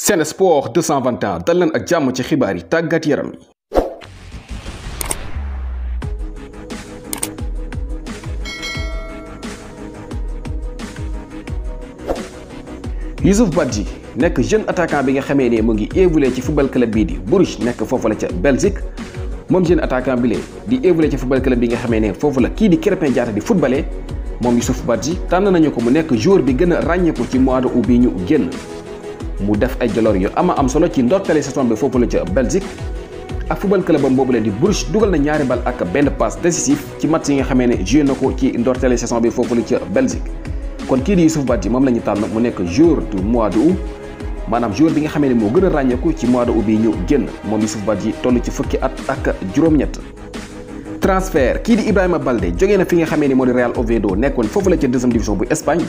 Sen Sport 221 dal leen ak jàmm ci xibaar yi tàggat yaram yi Youssouf Badji nekk jeune attaquant bi nga xamee ne mu ngi évolué ci football club bii di Bruges nekk foofu la ca Belgique moom jeune attaquant bi lee di évolué ci football club bi nga xamee ne foofu la kii di Krépin Diatta di footballé moom Youssouf Badji tànn nañu ko mu nekk jour bi gën ràññeeku ci mois de août ñu génn mu def ay jaloor yu ama am solo ci ndortale saison bi foofu la ca Belgique ak football club am boobu leen di Bruges dugal na ñaari bal ak benn passe décisif ci match nga xamee ne na ko ci ndortale saison bi foofu la ca Belgique kon kii di Youssouf Badji moom la ñu tànn mu nekk joueur du mois de août maanaam joueur bi nga xamee ne moo gën a ràññeeku ci mois de août bi ñu génn moom Youssouf Badji toll ci fukki at ak juróom-ñett transfert kii di Ibrahima Balde jógee na fi nga xamee ni moo di Real Oviedo nekkoon foofu la ca deuxième division bu Espagne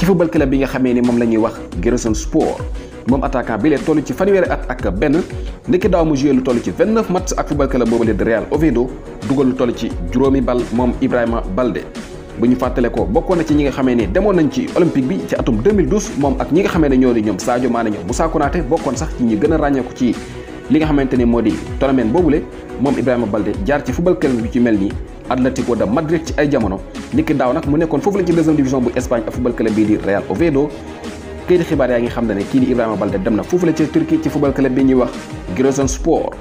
ci football club bi nga xamee ni moom lañuy ñuy wax Giresunspor moom attaquant bi lee toll ci fanweeri at ak benn ndekki daaw mu joué lu toll ci 29 match ak football club boobu de Real Oviedo dugal lu ci juróomi bal moom Ibrahima Balde. bu ñu fàttale ko bokkoon na ci ñi nga xamee ne demoon nañ ci olympique bi ci atum 2012 moom ak ñi nga xamee ne ñoo di ñoom Sadio Mané ñoom Moussa Konaté bokkoon sax ci ñi gën a ràññeeku ci li nga xamante ne moo di tournament boobule moom Ibrahima Balde jaar ci football club bi ci mel nii Atlético de Madrid ci ay jamono niki daaw nag mu nekkoon foofu la ci deuxième division bu Espagne ak football club bii di Real Oviedo kii xibaar yaa ngi xam ne kii di Ibrahima Balde dem na foofu la ci Turquie ci football club bi ñuy wax Giresunspor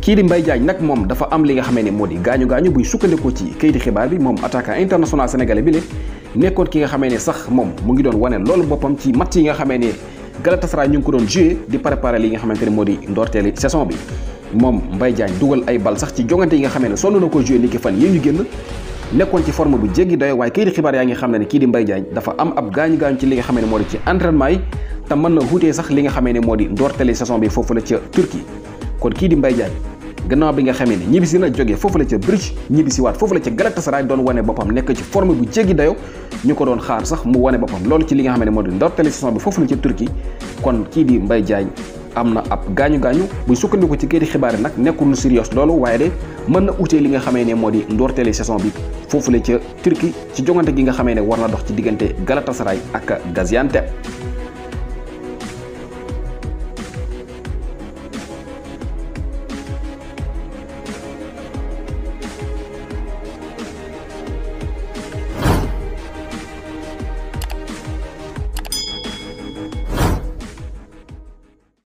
kii di Mbaye Diagne nag moom dafa am li nga xamee ne moo di gaañu gaañu buy sukkandikoo ci kayiti xibaar bi moom attaquant international sénégalais bi le nekkoon ki nga xamee ne sax moom mu ngi doon wane loolu boppam ci match yi nga xamee ne Galatasaray ñu ngi ko doon joué di préparé li nga xamante ne moo di ndoorteeli saison bi moom Mbaye Diagne dugal ay bal sax ci jongante yi nga xamee ne sonn na ko joué ni ki fan yii ñu génn nekkoon ci forme bu jéggi doyo waaye kii di xibaar yaa ngi xam ne ne kii di Mbaye Diagne dafa am ab gaañu-gaañu ci nga xamee ne moo di ci entraînement yi na wutee sax li nga xamee ne moo di ndoortali saison bi foofu la ca Turquie kon kii di Mbaye Diagne bi nga xamee ne ñibbisi na jógee foofu la ca Bruges ñibbisi waat foofu la ca Galatasaray doon wane boppam nekk ci forme bu jéggi dayo ñu ko doon xaar sax mu wane boppam loolu ci li nga xamee ne moo di ndoortali saison bi foofu la ca Turquie kon kii di Mbaye Diagne am na ab gaañu gaañu buñ sukkandiku ci këyiti xibaar yi nag nekkul lu sérieux loolu waaye de mën na utee li nga xamee ne moo di ndoorteeli saison bi foofu la ca Turquie ci jongante gi nga xamee ne war na dox ci diggante Galatasaray ak Gaziantep